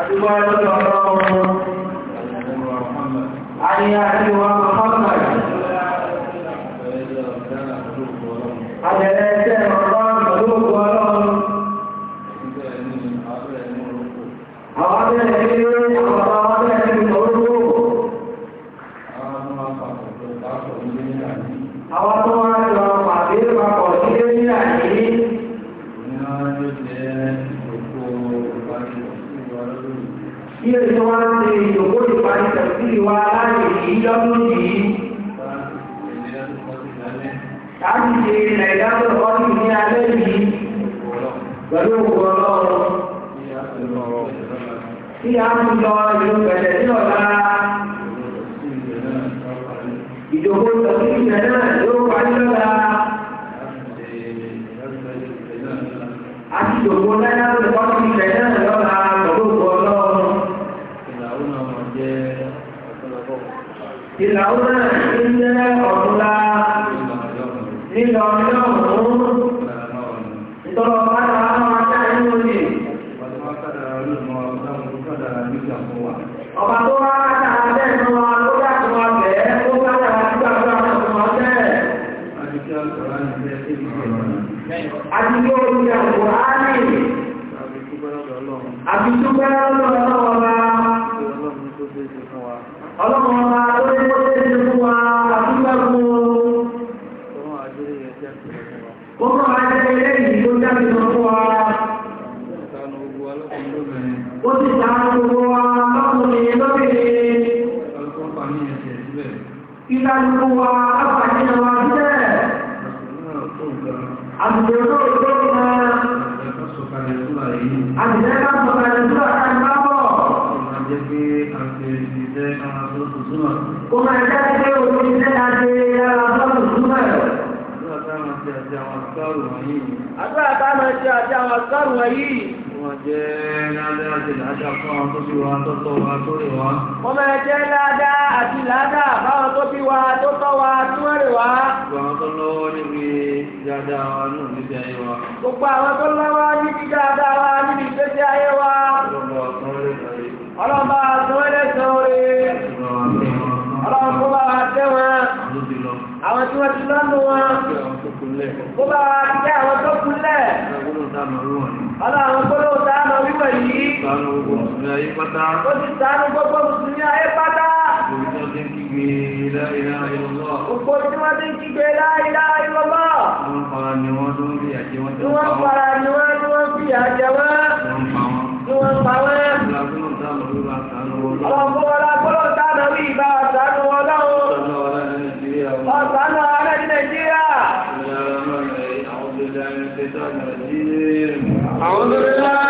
àdúgbò ẹlọ́dọ̀ ọlọ́run ayé àdúgbò ọmọ fọ́nà àjẹ́lẹ́ wọ̀nyí. àdúrà tá máa ṣe àti àwọn àtúrò wọ̀nyí. wọ́n máa jẹ́ ládàá àti ládàá fáwọn tó bí wa tó tọ́ wa tó rè wa. gbogbo àwọn tó lọ́wọ́ níbi dáadáa wa níbi ìgbésí ayé wa. ọlọ́mọ àtúnwẹ́lẹ̀ sọ̀rọ̀ àwọn tí wọ́n ti lọ́nu wọn lẹ̀. Bó bá wá jẹ́ àwọn tó kú lẹ̀. Ọlọ́run gbọ́dọ̀ dáná wíwẹ̀ yìí. Sànù gbogbo mùsùlùmí ayé pátá. Ó ti sànù gbogbo mùsùlùmí ayé pátá. Gbogbo tí wọ́n ti ń kígbe láìlá ìlọ́lọ́. Gbogbo tí wọ́n ti ń kígbe láìlá ìlọ́lọ́. Wọ́n fara ni wọ́n tó ń fi àjẹ wọn tẹ̀ wọ́n. Wọ́n fara ni wọ́n tó ń fi àjẹ wọn. Wọ́n pa wọ́n. Ọlọ́run gbọ́dọ̀ dáná wíwẹ̀ الشيطان الرجيم أعوذ بالله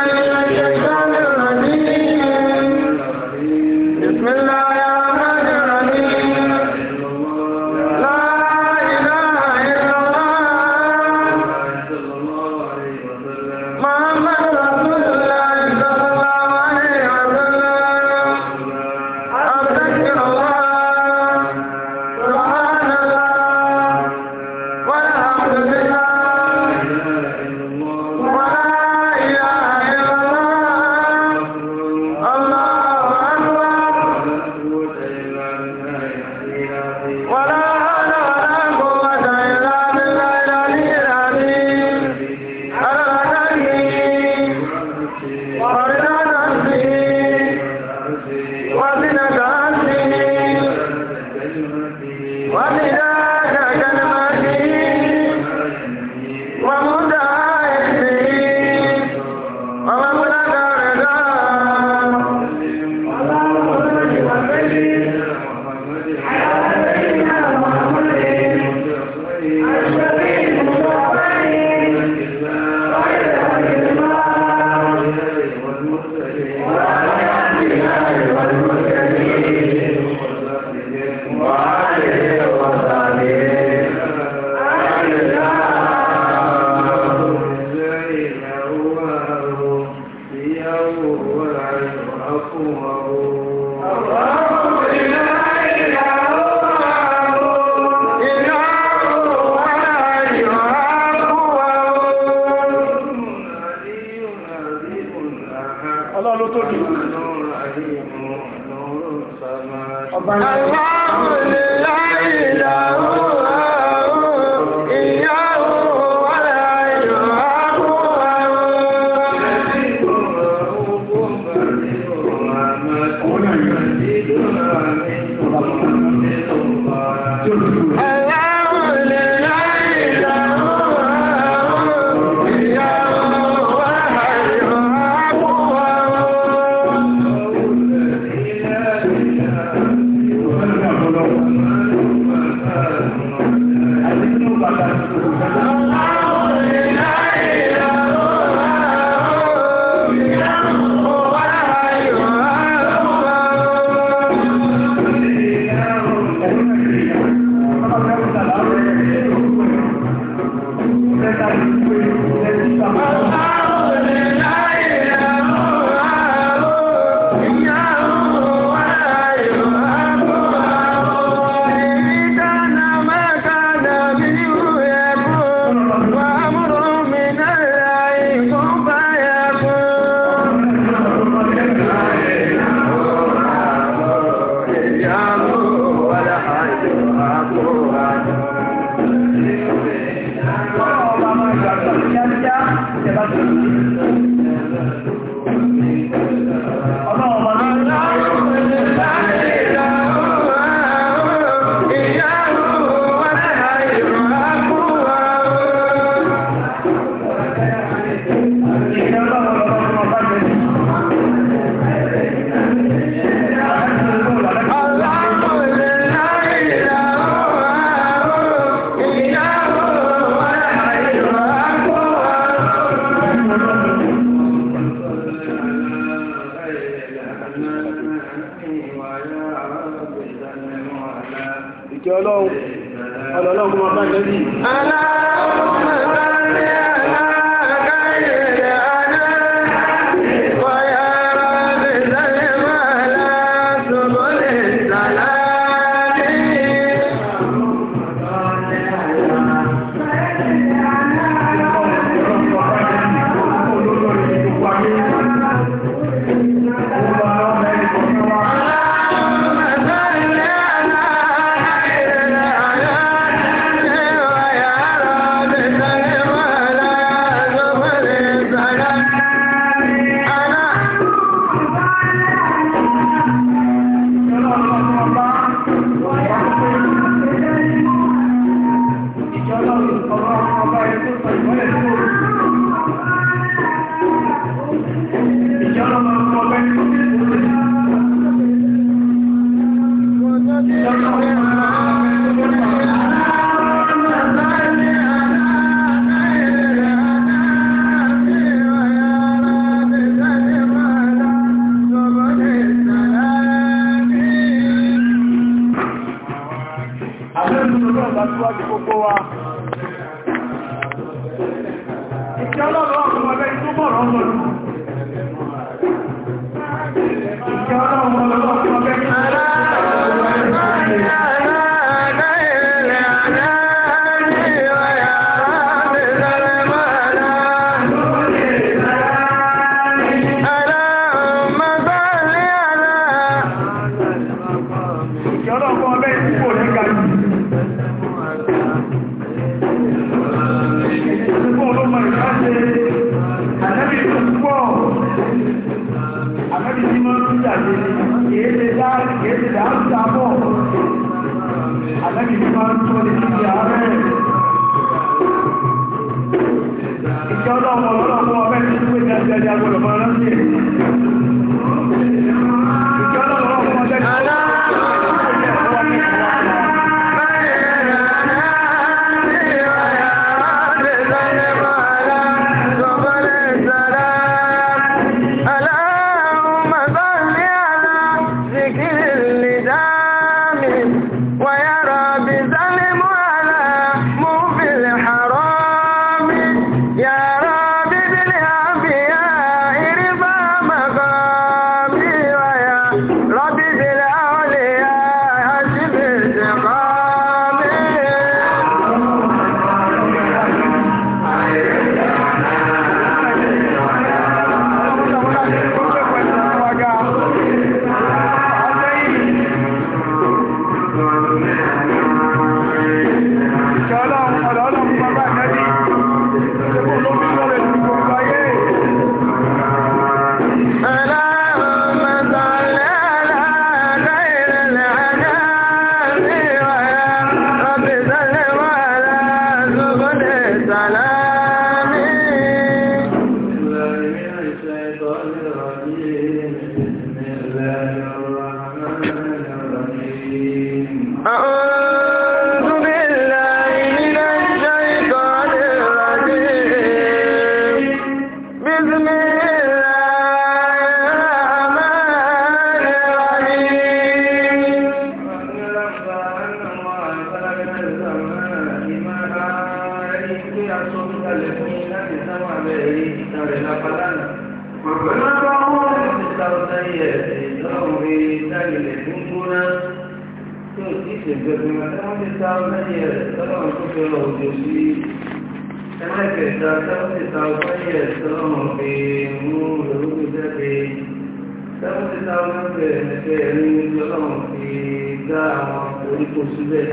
dá àwọn oríkó síbẹ̀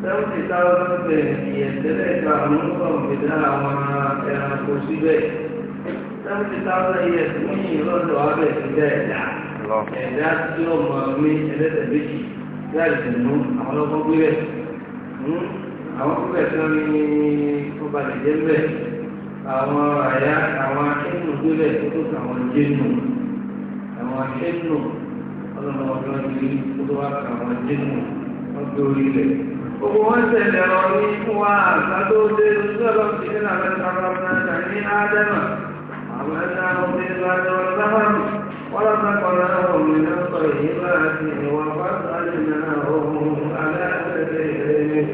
seventy thousand ten ìyẹ̀tẹ́lẹ̀ karùn-ún kan fi dá àwọn ẹranko síbẹ̀ seventy thousand years wíyìn lọ́dọ̀ abẹ́ síbẹ̀ ẹ̀dá ẹ̀dá tí ó mọ̀ mí ẹlẹ́sẹ̀ méjì láì sì mú àwọn ọlọ́kọ́ gbé bẹ̀ hmm? àwọn gbígbẹ̀ tí wọ́n ní ọba nìjẹ́ bẹ̀ àwọn àyà àwọn akẹ́nù gbé bẹ̀ tó tó kà wọ́n jẹ́nu àwọn akẹ́nù ọlọ́mọ ọdún ní olúwa kàwọn jésù wọn gbé orí rẹ̀. gbogbo wọn tẹ̀lé ọ ní fún wa àgbàdo dé lọ́dọ̀ sí ní àwọn ẹ̀ka ní ádámà àwọn ẹ̀ka ọmọ ìlú àjọ sábàmù ولقد قناهم من الطيبات وفضلناهم على كثير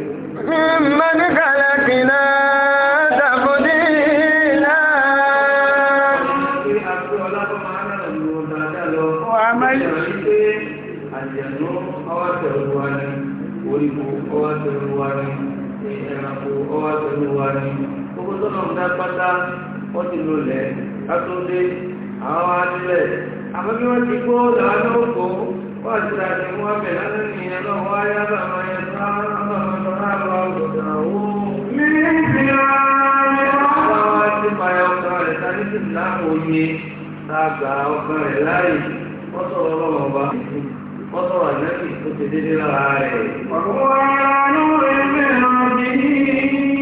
ممن خلقنا tọ́nà ọ̀dá pátá wọ́n ti lò lẹ̀ kátó dé àwọn alẹ́ àmọ́ bí wọ́n ti kó làánú òkú wọ́n ti rà ní wọ́n bẹ̀ lálẹ́ nìyẹn náà wọ́n á yá bàmọ́ yẹn bá bàmọ́ tó rà rẹ̀ sáré sí ló rẹ̀ mẹ́ràn bíi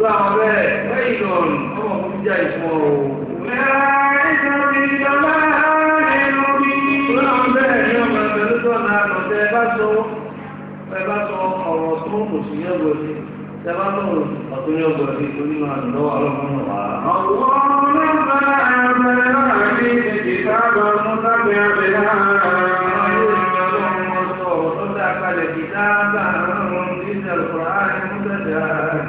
ìlú àwọn bẹ́ẹ̀ lẹ́yìn lọ́rùn ọmọ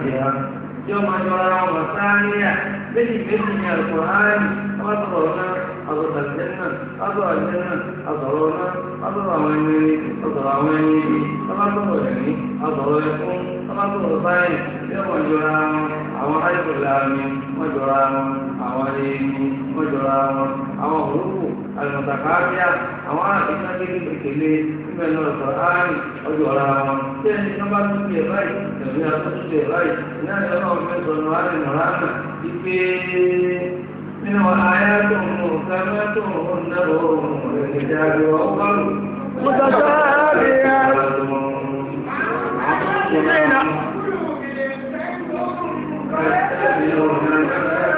Yeah tí ọmọ ìjọra wọn sááríà méjì méjì ní àlùkòhárì ọba tó bọ̀rọ̀ náà ọ̀sọ̀rọ̀ àjẹ́nà ọ̀sọ̀rọ̀ àjẹ́nà ọ̀sọ̀rọ̀ náà ọ̀sọ̀rọ̀ àwọn ẹni ọ̀sọ̀rọ̀ àwọn ẹni ọba tó bọ̀rọ̀ ẹ̀mí ọ̀sọ̀rọ̀ ẹ̀kún ọba tó bọ̀rọ̀ báyìí tí ọmọ ìjọra wọn àwọn ayọ̀kọ̀lá mi wọ́n jọra wọn àwọn ẹni wọ́n jọra wọn àwọn òwúrò àlùmọ̀tàkàáfíà àwọn àdìsáńgẹ́lì pèkèlé nígbẹ̀lú ọ̀sọ̀ áàrùn ọjọ́ ọ̀la wọn tí ẹni tó bá tún ti ẹ̀rọ yìí tẹ̀lé àtúntò ti ẹ̀rọ yìí iná ni ọlọ́run fẹ́ sọnù àárín ọ̀ránà wípé nínú àyà tó ń mú kẹ́mẹ́ tó ń mú náà ó mú ẹ̀gẹ̀dẹ̀ àgbẹ̀ ọ̀gbọ́rù. Thank you.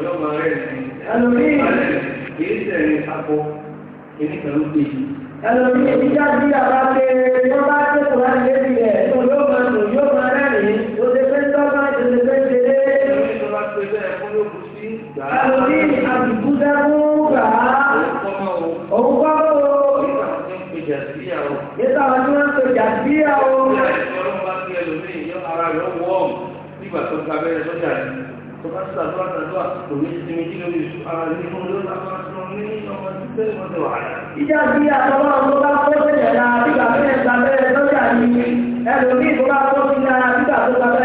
yóò máa àpò kìí kẹ̀lú pé ẹlòmí ìdíjáde àbájẹ́ yóò bá Ìjà bí àtọ́wọ́ tó bá kó sílẹ̀ náà nígbà tó ẹ̀ gbàgbẹ́ lọ́jà ni ẹlòmíì tó bá kó sílẹ̀ náà nígbà tó gbàgbẹ́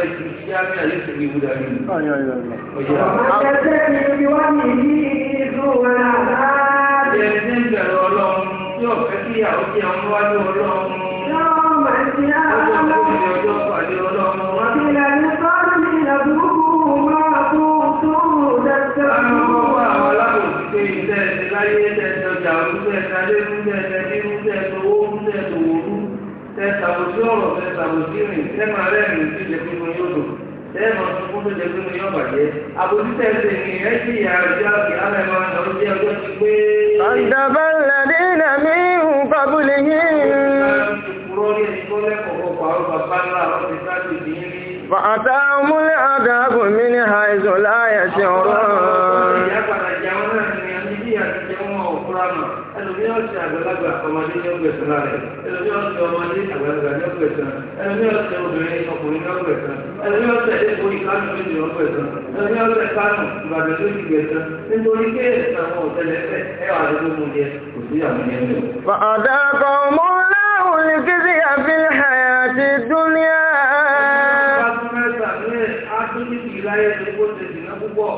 في الجامع يستجيب لأمين أي أي أي Ọjọ́ ìjọ ọjọ́ pàdé ọlọ́run wá. ṣàbòsí ọ̀rọ̀ fẹ́ tẹ́mà rẹ́rìn tí ìjẹ́ pínu yóò tẹ́mà tuntun tó jẹ́ pínu yóò bàjẹ́. àbòsí tẹ̀sí ni ẹ sì àti alẹ́ máa ń ọjọ́ ti pé. ọ̀dọ̀bọ̀ lẹ́dí nà mí ń kọ́bùlì yìí. Fàtà múlẹ̀ àdàbò mi ní àìsàn láyẹ̀ sí ọ̀rọ̀. àgbàlagbà ọmọdé ní ọgbẹ̀ sọ́lá rẹ̀ ẹlòmí ọ̀sẹ̀ ọmọdé àgbàlagbà ní ọgbẹ̀ sọ́lá ẹlòmí ọ̀sẹ̀ obìnrin ọkùnrin ní ọgbẹ̀ sọ́lá ẹlòmí ọ̀sẹ̀ epo ìkánú méjì ọgbẹ̀ sọ́lá ẹlòmí ọ̀sẹ̀ kánú ìbàdàn ló ti gbẹ̀ sọ́lá nítorí pé àwọn òtẹ́lẹ̀ fẹ́ ẹwà àdúgbò mu jẹ kò sí àwọn ẹni ẹni. fàdà kan mọ́ láwọn olùkíbi àfihàn àti dúnìá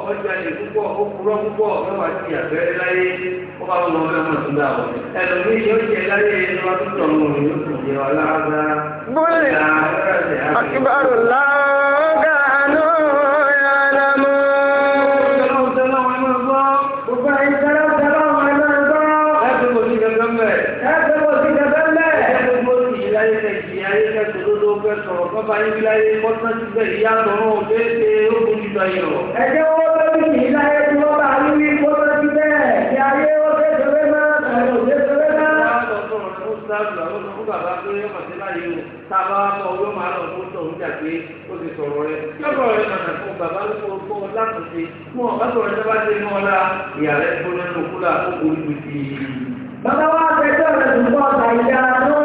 ọjà lè púpọ̀ ó kúrọ́ púpọ̀ mẹ́wàá ti àbẹ́rẹ́ láyé ó bá wọn ọmọ ọmọ ìdúrà wọn. ẹlòmíì yóò jẹ láyé ẹni wá tó tọ̀ mọ́ yóò sì jẹ ọláàbá. bóyá akíbarò lágàánú yàrámú. Sọ̀rọ̀ kọ́ba Ẹ jẹ́ wọ́n. tó yẹ màtí láyé o tábà mọ owó máa lọ fún tó ń jàgbé ó ti sọ̀rọ̀ rẹ yọ̀bọ̀ rẹ nànà fún bàbá lóko fún ọ láti ṣe mọ ọ̀bátò rẹ tó ṣe mọ́ ọ́lá ìyàrá ẹ̀kọ́ lẹ́nu òkúlà ó kórìkù sí i. bàbá wa tẹ̀síọ̀ rẹ̀ tó ń ìyá tó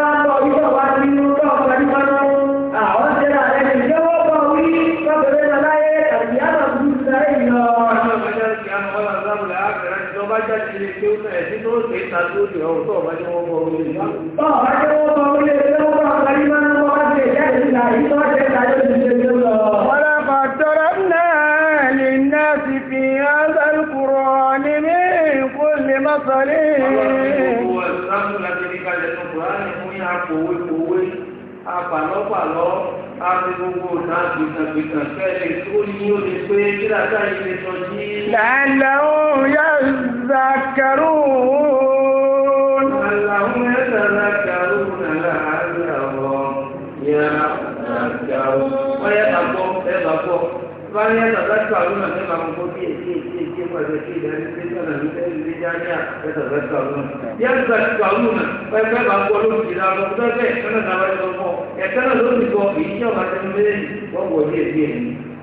kí ó náà ẹ̀sìn tó ṣe ta tó lè ọ̀rọ̀ tó ọ̀bá jẹ́ wọ́n bọ̀ orí ìlú. Bọ́ọ̀bá jẹ́ wọ́n bọ̀ orí ìlú lọ́wọ́ àwọn ìlú máa ń wọ́n wá sí ìyá ìlú náà lè ná ní mí lè má sọ lé. Àpàlọ́pàlọ́ àti gbogbo náà gbìtàgbìtà يتذكرون لعلهم يتذكرون لعلهم يتذكرون ويتقون يتقون wọ́n yẹ tọ̀tọ̀ tó àwọn ọmọ ẹ̀ma kókó bí èké èké èké pẹ̀lú èké ìdáni pé sọ̀rọ̀ ní ẹ̀rí ní jáde à yẹ tọ̀tọ̀ tó àwọn ọmọ. yẹ tọ̀tọ̀ tó àwọn ọmọ wọ́n fẹ́ bá gbọ́ lórí ìlà ọmọ tó bẹ́ẹ̀ kánà náà wọ́n ti kọ́ ẹ̀kánà lórí kọ́ èyí tí ọba tẹnu méjèèjì wọ́n wọ̀ ní èké èyí.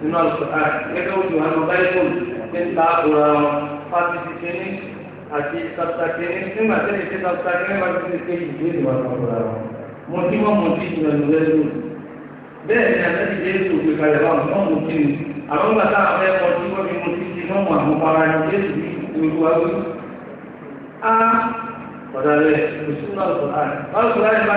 nínú àlùfáà gẹ́gẹ́ oṣù àwọn báyìbùn ti ń ta àkùrà wọn fásitì kìíní àti sàtà kìíní nígbà tí èsì sàtà kìíní máa ti ṣe ìdí ìwà àkùrà wọn. mo ti wọ́n mo ti ìyàn lù lẹ́nu bẹ́ẹ̀ ni àtẹ́tì dé èso òkè kalẹ̀ báwọn náà mo ti ní àwọn ìgbà táwọn fẹ́ kọ́ tí wọ́n fi mo ti ti mọ́mọ́ àwọn para ẹni Jésù ní ìlú wa wí. a kọ̀dà rẹ̀ kò sí nínú àlùfáà báwo kò láyé bá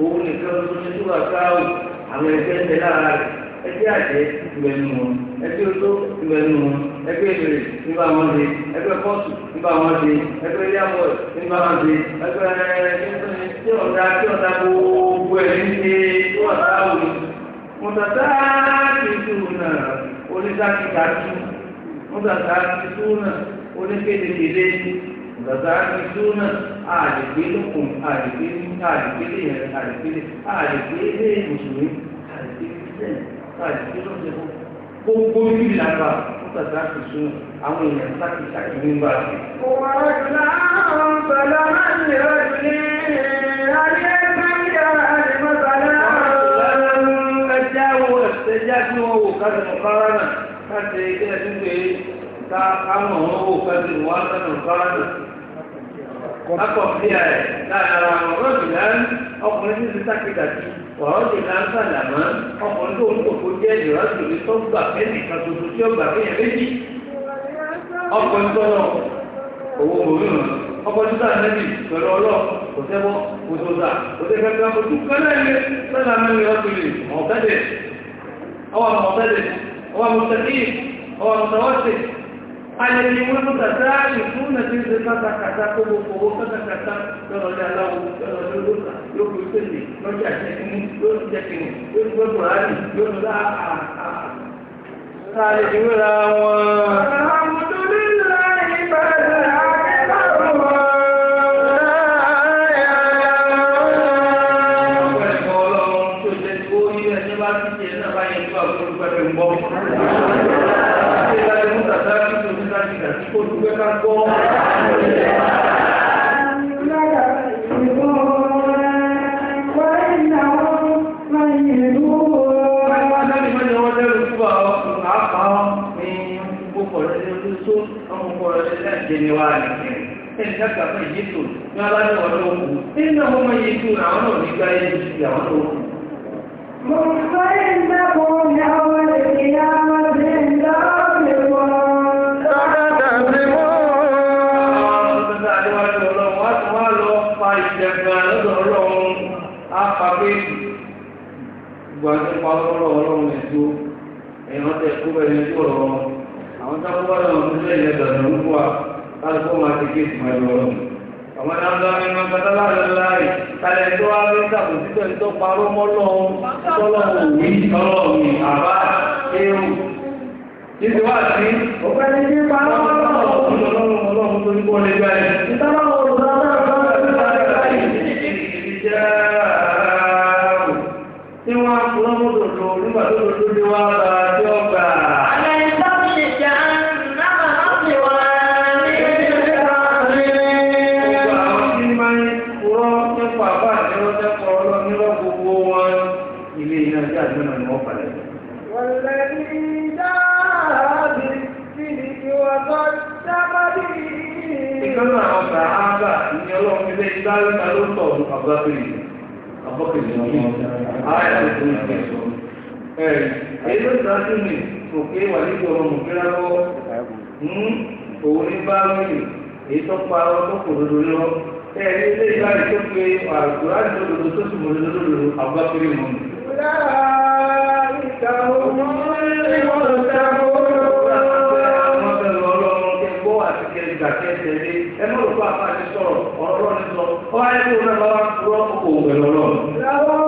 òun nìkan tuntun tó wà káwò àwọn ẹgbẹ́ ń bẹ lára rẹ̀ ẹgbẹ́ àjẹ́ ìwẹ̀ nù wọn ẹgbẹ́ oṣó ìwẹ̀ nù wọn ẹgbẹ́ ìbèrè nígbà wọn ṣe ẹgbẹ́ pọ́ọ̀tù nígbà wọn ṣe ẹgbẹ́ yàwọ̀ nígbà wọn ṣe ẹgbẹ́ tí ọ̀dà tí ọ̀dà gbogbo ẹ̀ ń ṣe tó wà káwò ni. mọ̀tàtà tuntun náà oníṣàkìtà tún mọ̀tàtà tuntun náà oníkédèkédè tàbí àdìsúnà àdìgbé lókun àdìgbé àdìgbé lèyàn àdìgbé àdìgbé lè mùsùlùmí àdìgbé lẹ́yìn àdìgbé lọ́sẹ̀ fún gbogbo yìí lára fún tàbí àdìsúnà àwọn èèyàn sáàkì sáàkì ní bá a. wọ́n gbà àwọn bàbá máa ń lè ọdún ní ayé sáyà àdìmọ́ bàbá. ẹja wo ẹja tí wọn wò káàdì mọ̀kára náà káàdì ilé ẹ̀dúgbò yìí ká káwọn wọn wò káàdì wọn káàdì mọ̀kára náà akọ̀ sí ẹ̀ lára ọ̀rọ̀dì lẹ́nu ọkùnrin tí ti sákìtà sí ọ̀rọ̀dì lẹ́nu sàlámà ọkùnrin tó ń kòkó jẹ́ ìrọ̀dì mi tó ń gbà pé nìkan tuntun tí ó gbà pé yẹn méjì ọkùnrin tó lọ owó òmìnira ọkùnrin tó tà nẹ́bì pẹ̀lú ọlọ́ kò sẹ́wọ́ kò tó tà kò tẹ́ fẹ́ fẹ́ fojú kẹ́lẹ́ ilé sàlámà ni ọkùnrin ọ̀tẹ́dẹ̀ ọwọ́ ọ̀tẹ́dẹ̀ ọwọ́ alẹ́ni wọ́n tó tàtà ààrẹ fún nàìjíríà pátákátá tó gbogbo owó pátákátá lọ́rọ̀ ní aláwọ̀ lọ́rọ̀ ní olóòtà yóò fi sèlè lọ́jà jẹ́kínú yóò ti jẹ́kínú yóò ti gbọ́dọ̀ ráàlì yóò ti rá ààrẹ ìwé ra wọn. àwọn tó ní láì bá ẹni wá ní kẹrin ẹni dákà fún ìyẹ́tò ní aláwọ̀ ọ̀dọ́ òkú nínú àwọn ọmọ yìí tó àwọn náà nígbà ẹni wọn. àwọn ọmọdé àdéwájú ọlọ́run wá ti bẹ̀rẹ̀ ní wà kálukú máa ti gé ìsìnkú ẹ̀dùn ọ̀rọ̀ mi. ọmọ náà lọ ní ọmọ kẹta láàrin láàyè kálẹ̀ tó wá ní sàkóso ẹni tó parọ́ mọ́ lọ́wọ́ tọ́lọ́ òwì tọ́lọ́ òwì àbá ewu. títí wá sí ọ̀pẹ́ ní kí parọ́ mọ́ lọ́wọ́ ọlọ́run ọlọ́run tó ní kó lè gbà yìí. ìtàbá wọn ò lọ sáà tí wọ́n á fún ọmọdé òdò nígbà tó lójú ní wàhálà àbúbákìrì àbúbákìrì ọ̀hún ààyè àti ìgbésọ̀ ẹ̀rì èyí ló sáájú mi kò pé wà níbi ọmọ mùkíra lọ́wọ́ mú òun ní bá lóyè èyí tó pa ọ tó kò lódò lọ ẹ̀rí ilé ìbáyìí tó pe àgùrá ní olódò tó sì mọ̀ lódò lódò àbúbákìrì mọ̀ Láàrín àwọn ọmọ ẹgbẹ̀rún tẹ́lẹ̀ ẹmọ́ òkú àpá ti sọ̀rọ̀ ó wáyé kó náà bá wá kúrọ́ òkòwò pẹ̀lú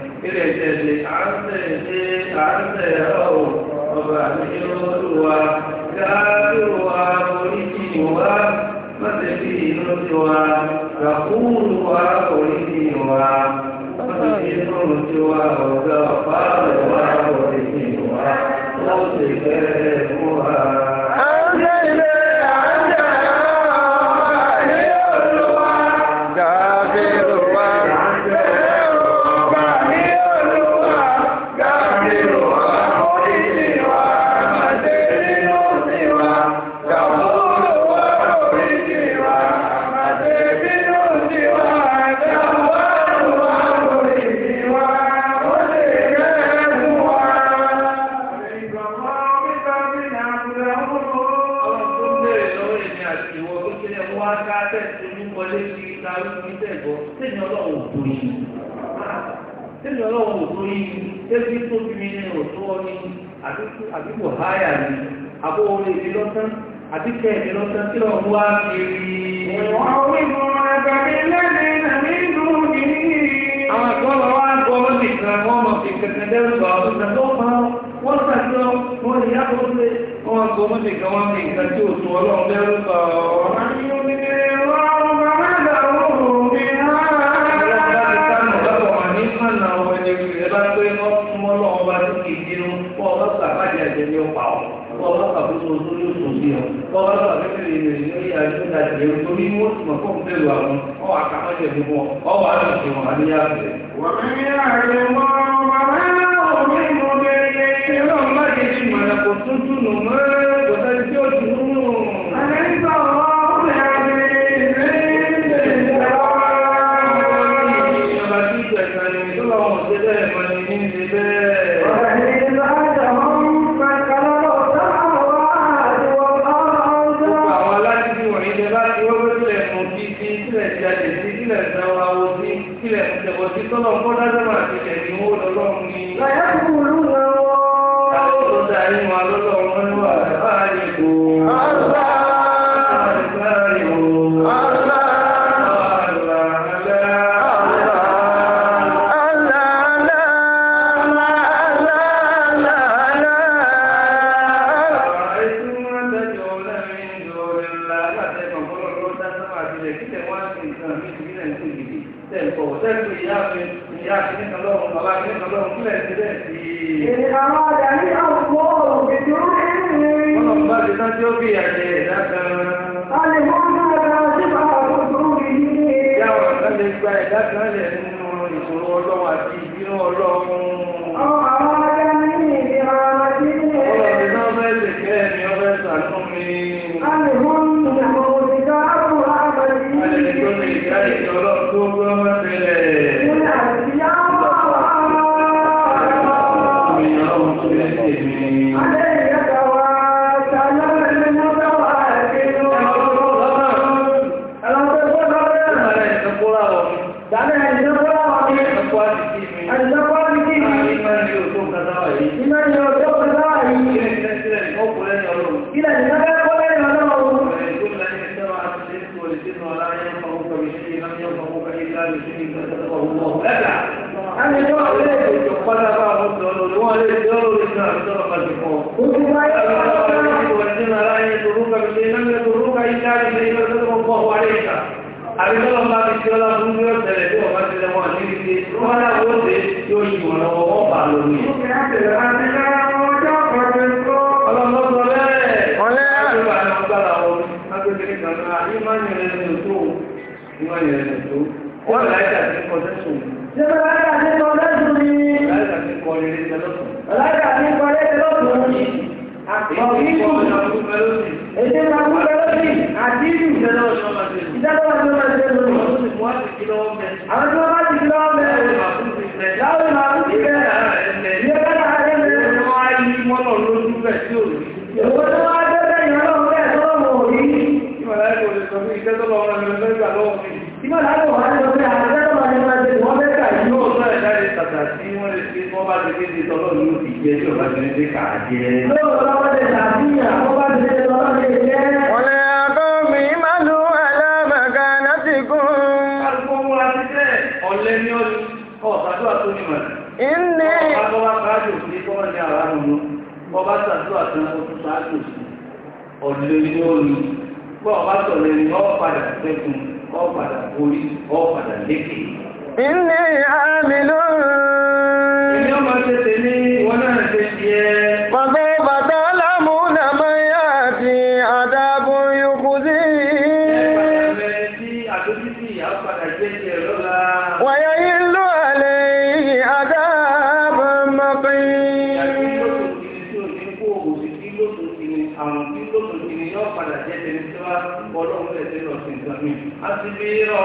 ilẹ̀ tẹ̀lé àńtẹ̀lé àńtẹ̀ ọ̀rọ̀ ọba ìrọ̀lúwa gáàlúwa oríṣiríwa mọ́tẹ̀bí ìrọ̀lúwa ràkúrúwa oríṣiríwa mọ́tẹ̀bí ìrọ̀lúwa ọ̀gá ọ̀pá-àwọ̀wá oríṣiríwa ó sì fẹ́ẹ́ fún wa. àbí kẹ́ẹ̀mí lọ́sẹ̀ tí wọ́n wá kiri. fi kẹ̀kẹ́ wọ́n ọlọ́pàá bá jẹ́ tí a jẹ́ torí mú mọ̀ fún bẹ̀rù àwọn ọwọ́ àkàmọ́jẹ̀ gbogbo ọwọ́ àrùn ìwọ̀n àníyàn wọ́n ní àrẹ̀ wọ́n wọ́n ilẹ̀ ìgbẹ́ kọ́ lẹ́yìn ọlọ́run. Ẹni tó wà lé ìjọ padà bá àwọn ọ̀dọ́ ni wọ́n lé ìjọ lórí ìjọ àbíjọ́ ọ̀pá ti pọ̀. Ó ti máa ń yọ̀ ọ́ ìwọ̀n aláyé torúkà ilé lẹ́gbẹ̀ẹ́ torúkà ilé àrílẹ̀ ilé tó tó pọ̀ wáyé ìta. Àrílọ́lọ́ bá ti ṣọ́lá fún bí ó tẹ̀lẹ̀ tí wọ́n bá ti lẹ́wọ̀n ní ìdíje. Wọ́n náà wọ́n ṣe tí ó yìnbọn lọ́wọ́ wọ́n bà lórí. Ó kẹ́ Ìwọ́n yẹn tó. Wọ́n láyé àti kọ́lẹ́sùn. Ṣé wọ́n láyé àti kọ́lẹ́sùn ni? Láyé àti kọ́lẹ́sùn tẹ́lọ́sùn. Láyé àti kọ́lẹ́sùn tẹ́lọ́sùn ni. Èdè máa kú bẹ́lọ́sì àti ìlú. Ìjọba ọjọ́ ti ní kà á jẹ́. lóòótọ́ bá ti ṣàfihàn kó bá ti ṣe lọ́wọ́ lè jẹ́. wọ́n lè àgọ́ mi máa lu alábàgà láti gún. àgbo wa ti bẹ́ẹ̀ ọ̀lẹ́ ni ó kọ̀ ṣàdúrà tó ní mọ̀. ìní. ọba bá kájò sí kọ́mọ̀ ní àrà nínú ọba ṣàdúrà tó ń kó ṣáájú sí ọ̀lẹ́ ni ó lu bọ́ ọba sọ̀rọ̀ ẹni ọ̀ padà fẹ́kùn ọ̀ padà borí ọ̀ padà lékè. ìní àmì lóòrùn. èmi ọmọ ṣe tèmi sínú ọ̀sìn ìgbàmí. a ti bí rọ̀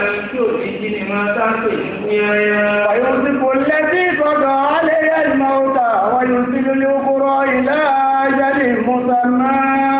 ní tí ò máa sáńpè ní kúnyáyá. wàyọ̀ sí kò lẹ́sí ìkọ̀dọ̀ alẹ́ yá ìmọ̀ ọ̀tà wàyọ̀ sí lórí okòrò ìlà ajálẹ̀ mọ́sánmáà.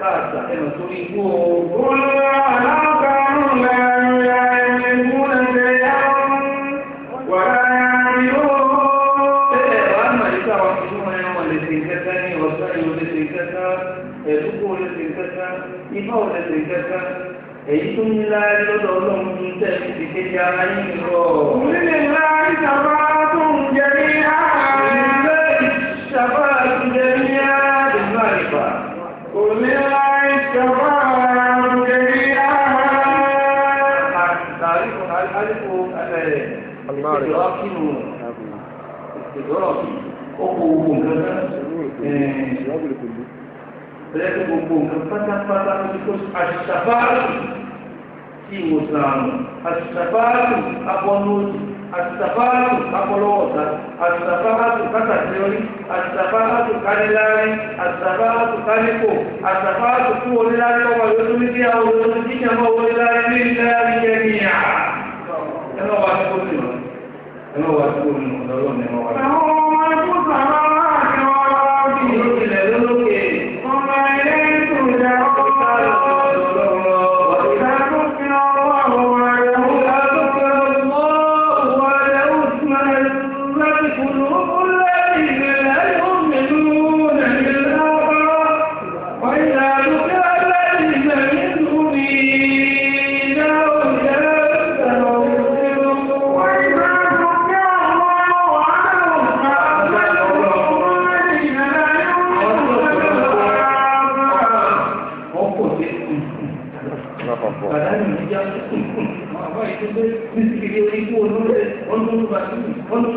káàkiri ẹnu torí ikú o. ó ní aláàbàrún lẹ́yìn ẹni múlẹ̀ lẹ́yà wà láàrin yóò. bẹ́ẹ̀ wà á mọ̀ nípa àwọn ìṣúná ẹ̀ wọ́n lè ṣe kẹta ní ọ̀sán ìwọ̀n lè èyí tó ní láàrin lọ́dọ̀ ọlọ́run tẹ̀lé ti ara yín rọ̀. nílẹ̀ láàrin tàbá tó ń Bẹ́ẹ̀ni gbogbo nǹkan pátápátá ní kó àṣàbáàrù sí ìwòsànù, àṣàbáàrù abọ́nóòdì, àṣàbáàrù apọlọ́wọ̀ta, àṣàbáàrù kátàkìlórí, àṣàbáàrù kánilárí, àṣàbáàrù kánikò, àṣàbáàrù tí wọlé lárí ọwà lórí ní bí àwọn olóòdì ẹ̀mọ́ wà tó ní ọ̀dọ́ ọlọ́run ẹ̀mọ́ wà. àwọn ọmọ ẹ̀kọ́ sàrà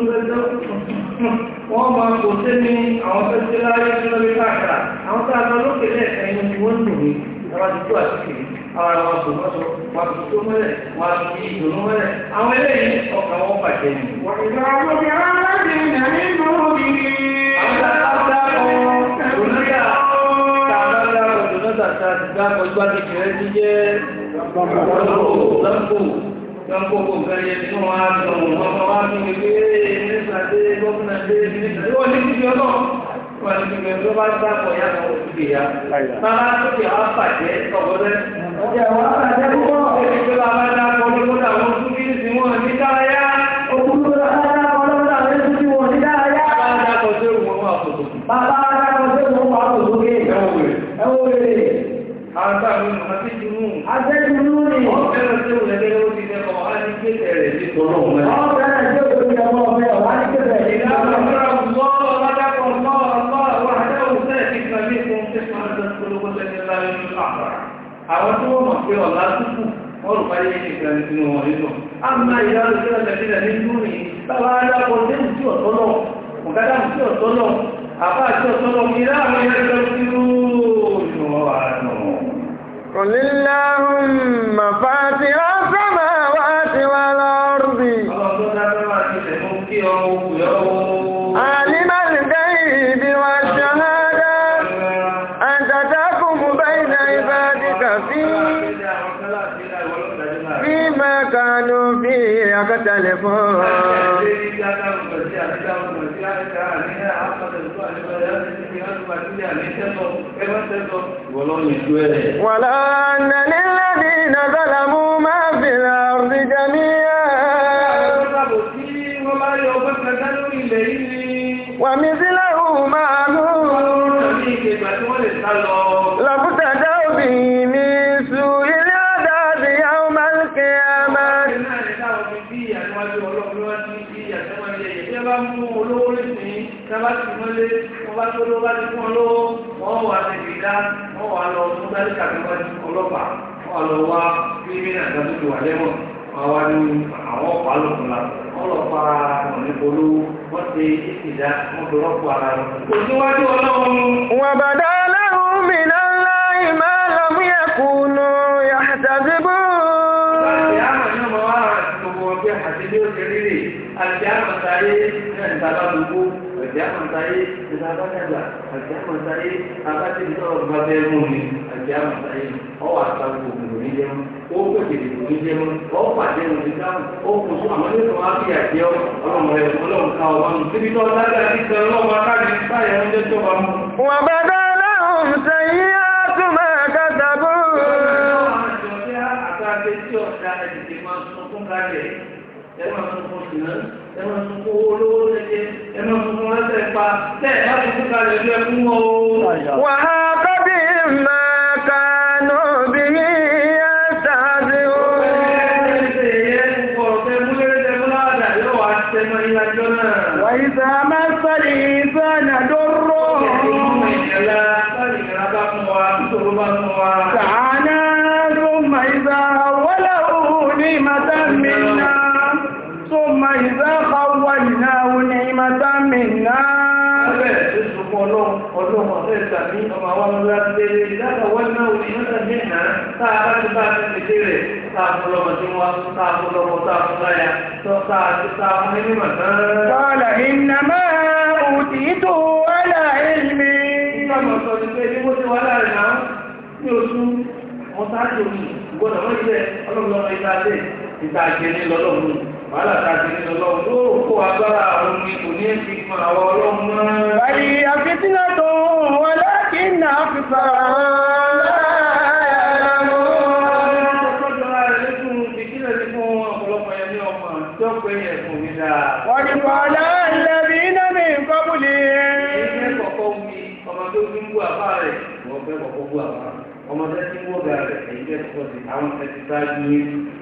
lọ́jọ́ wọ́n máa kò sí ní àwọn tó ti láyé tí wọ́n fi káàkà àwọn tó àgbà lókè lẹ́ẹ̀kan inú ni wọ́n dùn mí àwọn àdúgbò àti àwọn àwọn àbòmọ́sọ wọn fi tó mọ́lẹ̀ wọn fi ìdùnnú mọ́lẹ̀ àwọn eléyìí ọkàn wọn bàjẹ́ ni. wọ́n ti sọ àwọn ọmọdé aláàbẹ̀ ìnáyẹ̀ ń bọ́ òbí ni. àwọn àgbà dákọ̀ọ́ wọ́n kó tí wọ́n á lọ wọ́n wá tó ní pé nígbà dé gómìnà dé nígbà dé wọ́n ní kíkì ọlọ́run wọ́n kan nínú tí wọ́n tẹ̀lé ní lórí bàbá aláwọ̀ tẹ́lù tí ọ̀tọ́ lọ ọ̀gádà tí ọ̀tọ́ lọ àbá tí ọ̀tọ́ lọ kí láàrin ẹgbẹ́ tí ó rò ní ọ̀rọ̀ Wàlá náà. tàbíwájú ọlọ́pàá ọlọ́wà kírímìnà ìdájọ́ wà lẹ́wọ̀n àwa ni àwọn ọ̀pá lọ́kùnlá ọlọ́pàá ọ̀nìpolówó wọ́n ti ìsìdá wọ́n fi rọ́pò ara rẹ̀. kò síwájú ọlọ́run. wà bàdá aláhùn mi lọ́lá ìmọ̀ lọ́múyẹ̀kùnú yàtàbíbù. láti àmọ̀ ní ọmọ wa gbogbo ọgbẹ́ àti ilé òkèlè rè àti àmọ̀ sáyé ẹ̀ńtàbá gbogbo ẹ̀jẹ̀ àmọ̀ sáyé ẹ̀ńtàbá dàgbà àjẹmọ sáyé abájẹbi tó ọgbà bẹ́ẹ̀ mú mi àjẹmọ sáyé ọwọ́ àtàwọn òkùnkùn ní jẹun ó pèsèlè kò ní jẹun ọwọ́ pàdé òní dáhùn ó kò sún àwọn ẹlẹsùn wá bí àjẹ Ọlọ́run rẹ Ọlọ́run ká ọwọ́ nù síbi tó dájú àti sẹ Ọlọ́run akáàdì báyẹn ń jẹ tó wà mú. wọn bá dá láwọn sẹ́yìn á tún máa kàtà bó. ẹ máa fún olówó lẹ́jẹ̀ ẹ̀mọ́ tuntun rẹ̀ tẹ̀ pa tẹ̀ ẹ̀ ọ̀sẹ̀ tàbí ọmọ àwọn ọmọlá ti lé ìdájọ́ wọn náà ò ní mẹ́ta mẹ́ta tá a bá ti bá a ti ti rẹ̀ tá a fún lọ́mọ tí wọ́n tá a fún lọ́mọ tá a fún láyà tó tá ti tá fún nínú màtá. Kọ́lá iná máa ò tí tó wálà ẹ̀mí. Nígbà pé níbo ti wálà rẹ̀ náà ní oṣù wàhálà tàbí ìjọba yóò kó agbára àwọn ní òní ẹ̀sìn fún àwọn ọlọ́run náà. bàyí àfitínà tó wọn láti nà á fi fara Wọ́n ti pa ọ̀dá ẹ̀lẹ́bí iná mi nǹkan bùlé. Ilé kọ̀ọ̀kan mi, ọmọdé ojú ń bú àbá rẹ̀, wọ́n fẹ́ kọ̀ọ̀kan bú àbá. Ọmọdé ti ń wọ́gà rẹ̀, èyí jẹ́ àwọn ẹ̀sìn sáájú yìí.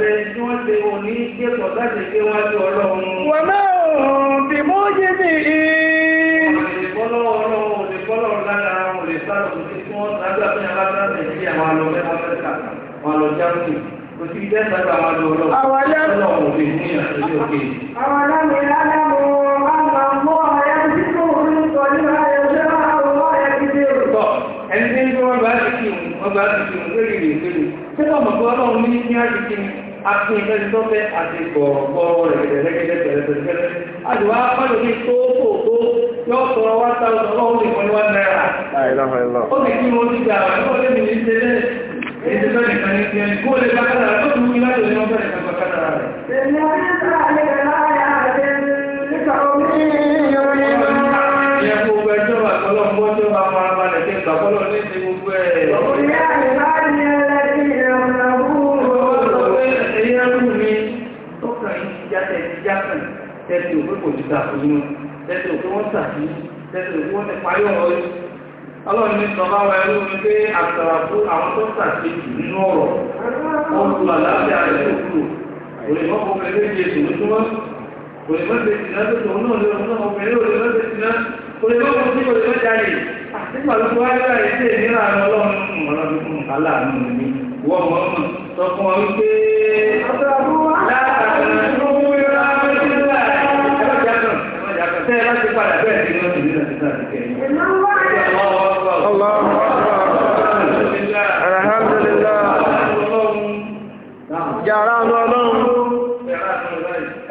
ṣe tí wọ́n ṣe wọn ní gbé pọ̀tàṣì pé wọ́n ṣe ọlọ́run. wọ́n náà bí mú jíjì yìí. olùkọ́lọ́ ọlọ́run olùkọ́lọ́ lára olùsáró kò sí fún ọ̀sájú àfihàn látara nàìjíríà wọn lọ mẹ́ta mẹ́ta wọn lọ jáwé kò sí ilé ìtajà wọn lọ ọlọ́run. àwọn aláàmì àwọn aláàmì àgbàmọ́ ọ̀yá tí kò ń sọ nípa ẹ̀ṣẹ́ àwọn ọ̀yá ti dé. ẹni tí wọ́n bá ti kí wọ́n bá ti kí wọ́n lórí ìrìn apin ìfẹ́ni tó fẹ́ àti gbọ̀rọ̀gbọ̀rọ̀ rẹ̀ gẹ̀dẹ̀gẹ̀dẹ̀ tẹ̀lẹ̀tẹ̀lẹ̀ àdùwà pàdé ní tó tó tó yọ sọ̀rọ̀ wá sáwọn ọlọ́run ní ìwọ̀n wọn náírà ó sì kí wọn ti gbà àwọn ọmọ lẹ́nu ní ṣe lẹ́ èyí tó fẹ́ nìkan ní ti ẹni kó lè bá kádàrà tó tún ní láti òní wọn fẹ́ nìkan bá kádàrà rẹ̀ pé kò ní dàpọ̀ nínú tẹ́tí òkú wọ́n tàbí tẹ́tí òkú wọ́n ti parí ọ̀rọ̀ yìí ọlọ́run ní sọ báwa ẹrú ni pé àtàrà fún àwọn tó tàbí jù nínú ọ̀rọ̀ wọ́n tu àlàáfíà rẹ̀ lókùrò kò lè mọ́ fún ẹgbẹ́ ìdí ètò lójúmọ́ kò lè mọ́ fẹ́ tìǹà tó tòun náà lè mọ́ fún ẹgbẹ́ òlè mọ́ fẹ́ tìǹà kò lè mọ́ fún sí òlè mọ́ jáde àtìgbà ló wá ẹ̀ránú ọlọ́run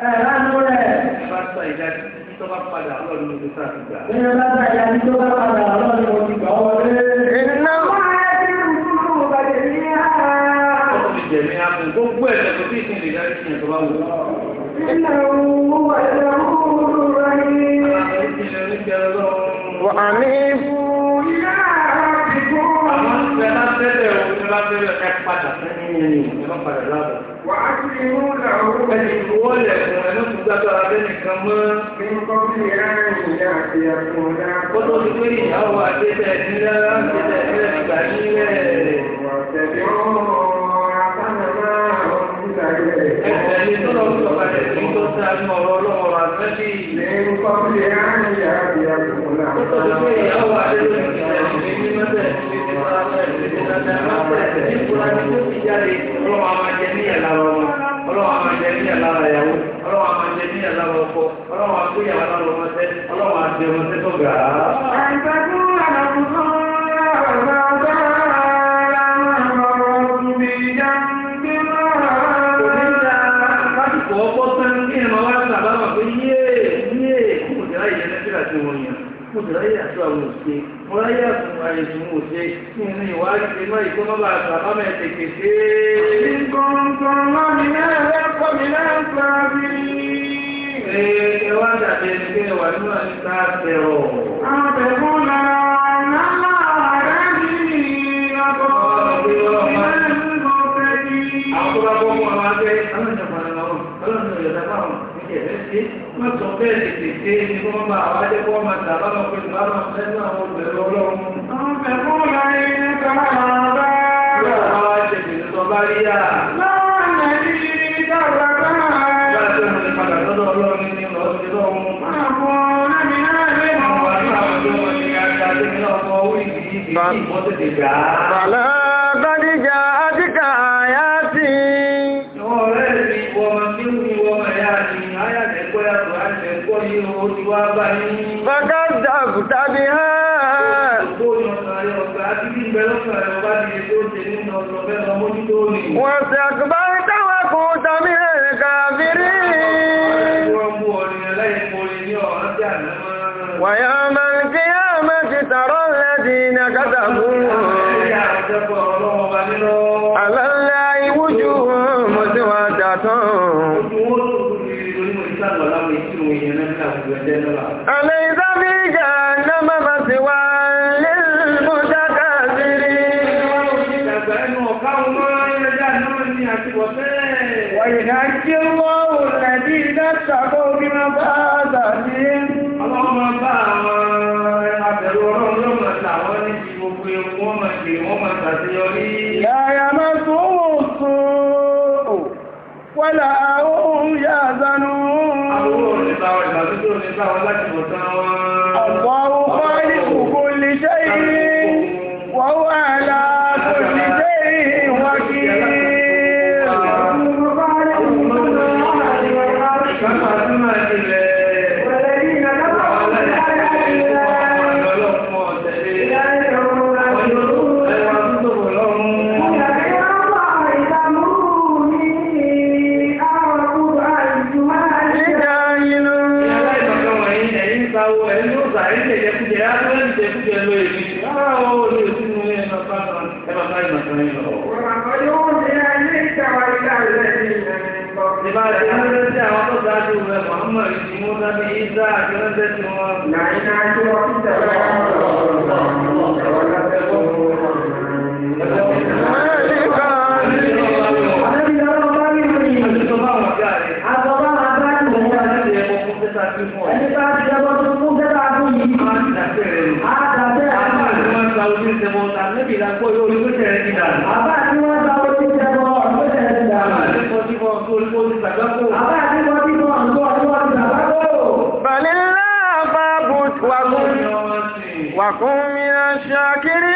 ẹ̀ránú rẹ̀ ẹ̀bá sọ ìdájí tó bá padà ọlọ́run ló ti sáà ti gbà. ẹ̀ránú rẹ̀ ìdájí tó bá padà ọlọ́run ló ti gbà wọlé. iná máa ń dín kúrò bàjẹ́ ní ara. ọ̀pọ̀ ti jẹ̀mí àpò gbogbo ẹ̀ lẹ́kọ̀ọ́ sí ìsìn ìdájí ìyẹn tó bá wù. iná owó wà lẹ́wọ́ wàhánìbù yá àbíkú. àwọn ń bẹ lábẹ́lẹ̀ òun ní lábẹ́lẹ̀ ẹ padà sẹ́yìn yẹn ni ìjọba padà lábẹ́. Ẹni wọ́n lẹ̀ fún ẹni fún gbágbára lẹ́nìkan mọ́. Ó tó ti pé ìyàwó àtẹ́tẹ̀ nílẹ̀ àtẹ́tẹ̀ nílẹ̀ ìgbà nílẹ̀. Ẹ̀sẹ̀ ni tó lọ sọ kalẹ̀ kí tó sáájú ọ̀rọ̀ ọlọ́wọ́ àtẹ́tì. Ó tó ti pé ìyàwó àtẹ́tẹ̀ nílẹ̀ ìgbà nílẹ̀ níyà lára ọmọ ọlọ́run a jẹ níyà lára ìyàwó ọlọ́run a jẹ níyà lára ọkọ ọlọ́run a gbéyà lára ọmọdé ọlọ́run a jẹ ọmọdé tó gà á. Kò ní ìdá lásìkò ọgbọ́n tán kí ẹ máa wá mo sì àti àwọn òṣè mo ráyè àfún àyẹ̀sùn òṣè kí n ìwádìí ṣe máa ìkó má bàa sàbá mẹ́ tètè ṣe é. gbọ̀ngàn lọ́mí náà lẹ́kọ̀ọ́ mi náà ń bí. ẹ wá dàbí ẹni pé ẹwà nínú àyíká tẹ ọ. àbẹ̀fún náà rẹ̀ ní ọkọ̀ ìlẹ́nu ọ̀fẹ́ yìí. àwọn ọmọ ọmọ wa fẹ́ ọlọ́run ọ̀yọ̀dá fáwọn ìjẹ̀rẹ́ sí wọ́n tún bẹ́ẹ̀ tètè dé ní kí wọ́n máa wájẹ́ kí wọ́n máa dàbá lọ pé ìgbà náà sẹ́nu àwọn obìnrin ọlọ́run. àwọn ẹ̀fọ́ láyé nípa àwọn bá. yóò máa wá ṣe ìpèsè tó bá rí yá. láàrín ẹ̀rí dára náà. bá a ṣe mọ̀ nípa lọ́dọ̀ ọlọ́run ní ọ̀sẹ̀ lọ́hùn. àwọn ọ̀nàmì náà lè mọ̀ wọ́n. àwọn ọ̀nàmì náà lè mọ̀ wọ́n. Bàkádà kùtà bí há. Wọ́n ti àkùbá Muhammad ti mú lábí Isa àti ránṣẹ́ tí wọn. Nàìjíríà tí wọ́n ti tẹ̀lé Ẹni bá ti jẹ́ Àbá وكن من الشاكرين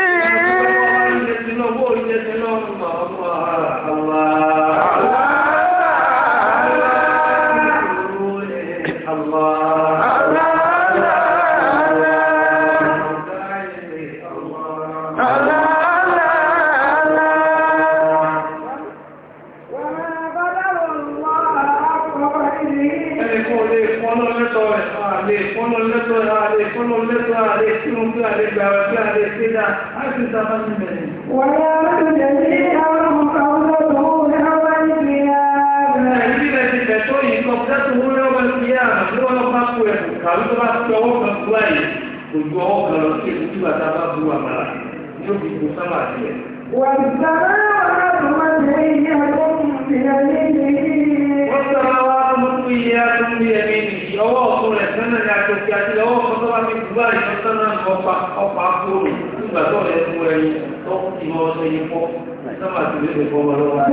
ojú ọwọ́ kan lọ sí ètùtù àtàbà bu àmàlà yóò fi kú sábà sílẹ̀. wọ́n sábà wà lọ́mọdé yìí ọdún ìrẹ̀lẹ́ yìí. wọ́n sábà wà lọ́mọdé yìí ọdún ìrẹ̀lẹ́ yìí ọwọ́ ọ̀tún rẹ̀ sẹ́nà ní àtòkè àti ọwọ́ kan tó bá fi kú báyìí lọ sẹ́nà ọ̀pá ọ̀pá fóònù nígbà tó rẹ̀ mú ẹyin tó ti mọ ọsẹ yìí fọ́ sábà sílẹ̀ fọ́ wọn lọ́wọ́.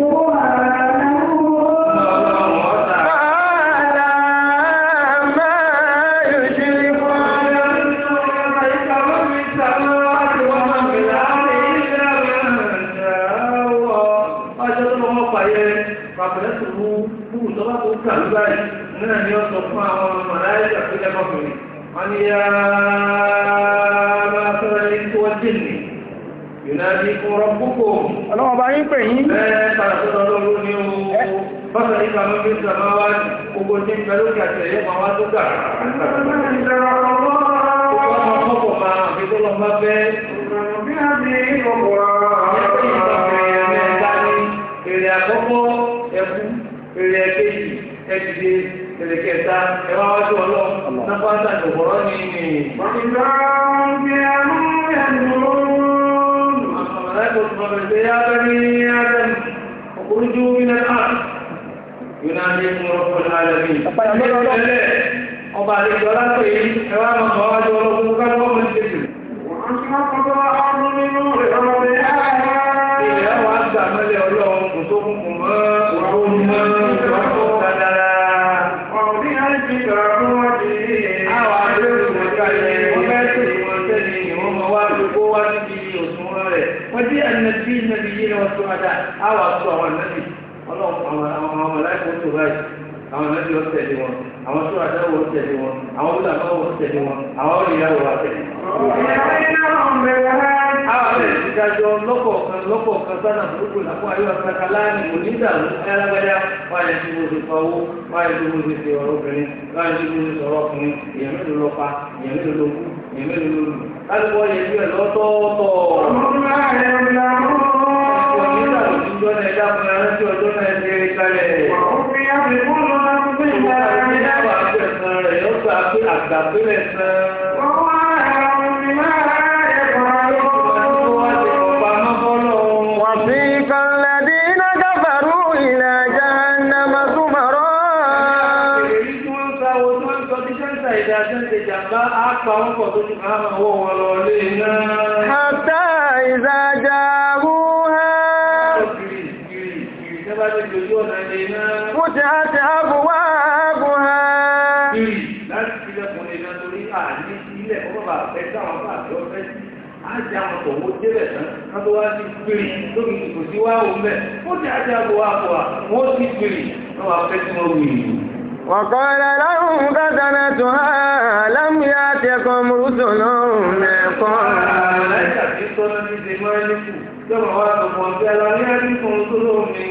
tó kàlú báyìí náà ni ó sọ fún àwọn mọ̀láyà tó jẹ́ mọ́kùnrin wọ́n ni yá bá fẹ́rẹ́ ní kí wọ́n jìn ní yùnáàdì fún rọ́púpọ̀ ọlọ́wọ́ bá yín pè yín bẹ́ẹ̀ tààrà tó lọ́lọ́rọ́ ní o bọ́sẹ̀ nípa mọ́kùnrin sàmáwá gbogbo tí ń bẹ lókè بما كانوا ينظرون يا بني آدم اخرجوا من الأرض يناديكم رب العالمين ọba àlejò alápè yìí ẹwà àmọ́ àwájú ọlọ́gbọ́n ká lọ́wọ́ mọ̀ sí ètò. wọ́n ti máa kọ́ bá ọdún nínú rẹ̀ ọmọ rẹ̀ yára. ilẹ̀ àwọn àgbà mẹ́lẹ̀ ọlọ́run kò tó kún kún mọ́ òkú mọ́ ìwà kọ́. tó máa dá àwọn àtúntò àwọn ànábì ọlọ́run àwọn ọmọ láìpẹ́ tó báyìí àwọn ànábì ó tẹ̀lé wọn àwọn tó àdáwò ó tẹ̀lé wọn àwọn tó àdáwò ó tẹ̀lé wọn àwọn olùyàwó wa tẹ̀lé. àwọn àbẹ̀ ìdájọ́ lọ́kọ̀ọ̀kan lọ́kọ̀ọ̀kan sánà burúkú làkún ayé wa kàkà láàrin onídàlú ayálágbáyá wáyé tí mo ti fa owó wáyé tí mo ti fi ọ̀rọ̀ obìnrin wáyé tí mo ti sọ̀rọ̀ ọkùnrin èèyàn mélòó lọ pa èèyàn mélòó lọ kú èèyàn mélòó lọ lù. láti wọ́n yẹ ju ẹ̀ lọ́tọ̀ọ̀tọ̀. ọ̀rọ̀ ọjọ́ náà ẹ̀dá fún ẹran tí ọjọ́ náà ti rí kalẹ̀. Òfin àfikún ló máa ń gbé ìgbà rẹ̀ ní àwọn àgbẹ̀sán rẹ̀ yóò sọ àgbẹ̀ àgbàgbélẹ̀ sàn. Wọ́n wá ara wọn ni máa ẹ̀kọ́ Ìdájọ́ ìjàmbá á pa wọn pọ̀ tó ti máa ń wọ́ wọn lọ lé e náà. Mo ti á ti Láti ilẹ̀ ọmọ bàbá fẹ́ sáwọn bàbá fẹ́ fẹ́ sí. Á jẹ́ àwọn tọ̀wọ́ débẹ̀ tán, ká tó wá sí gbèrè lórí kò sí wá òun bẹ̀. Mo ti á wọ́n sí wọn wù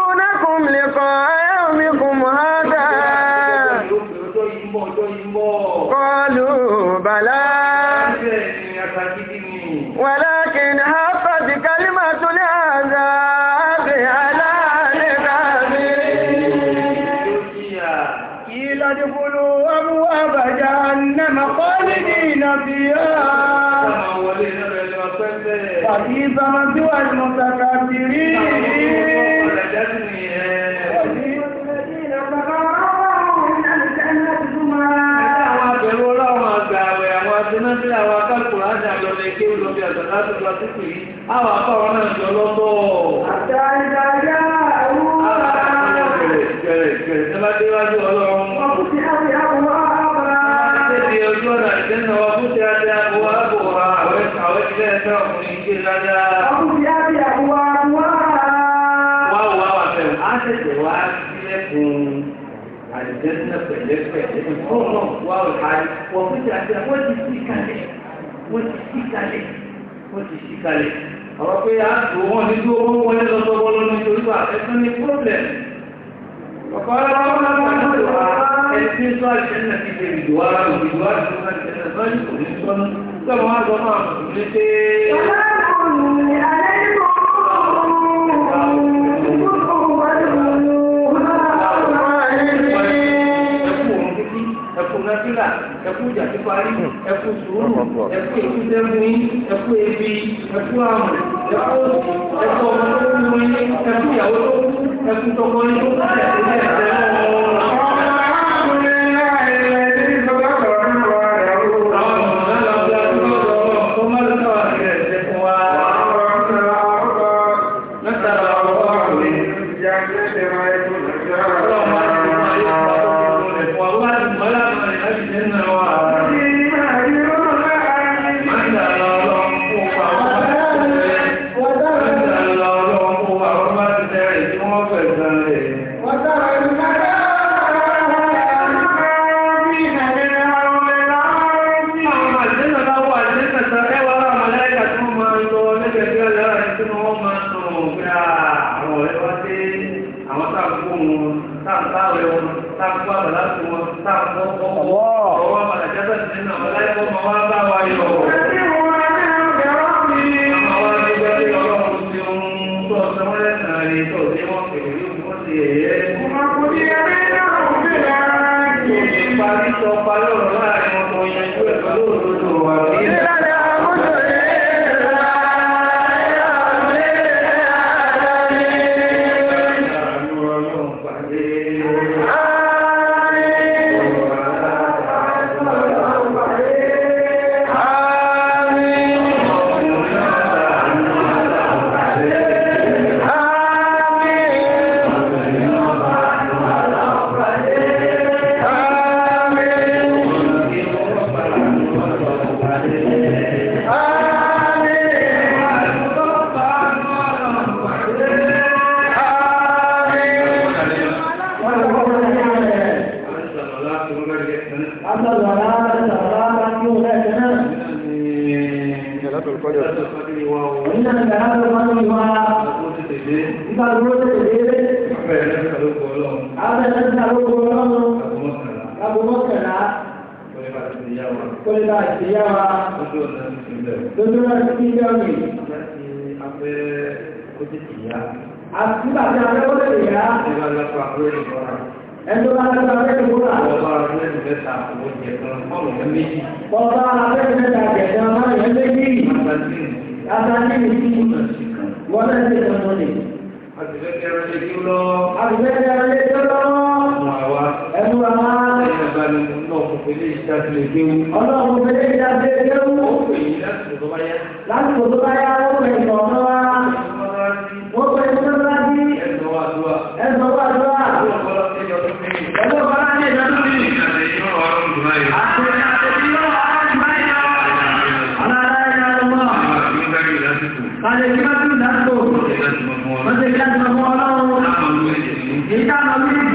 السماء والمتكبرين الذين تبرأوا من الجنة Àwọn akọ̀wọ́ náà jọ lọ́tọ̀. Àti àìjà yá ẹ̀rú. Àwọn akọ̀wọ́ ìgbẹ̀rẹ̀ ìgbẹ̀rẹ̀ tí wọ́n dé wájú ọlọ́run. Wọ́n kú sí àwọn ìyàwó àbúrá. Wọ́n ti di ojú ọ̀nà ìdẹ́nà wọ́n kú sí àti àbúrá àbúrá àwọn ẹ̀sìn àwọn ẹgbẹ́ ẹ̀sẹ̀ ọkùnrin ṣe dáadáa. Àwọn ti á bí àbúwá wá. Wá wò wá wà bẹ̀rù, á ṣẹ̀ṣẹ̀ wá sílẹ̀kùn àdìjẹ́sílẹ̀ pẹ̀lẹ́pẹ̀lẹ́. Fún náà wá wò àrí, wọ́n fún ìjà àti àwọn ti sí kalẹ̀, wọ́n ti sí kalẹ̀, wọ́n ti sí kalẹ̀. Àwọn pé á dùn wọ́n ní dúró wọ́n wọlé lọ́sọ̀ wọ́n lọ́nà nítorí ẹkú ìjà tó parí ẹkú sùúrù ẹkú ìkúdẹ́mùí ẹkú ebi ẹkú àmù ẹkú ẹkú ọmọ tó kú ẹkú ìyàwó tó kú ẹkú tọkọ ní tó kú ẹkú ẹkú ẹkú ọmọ.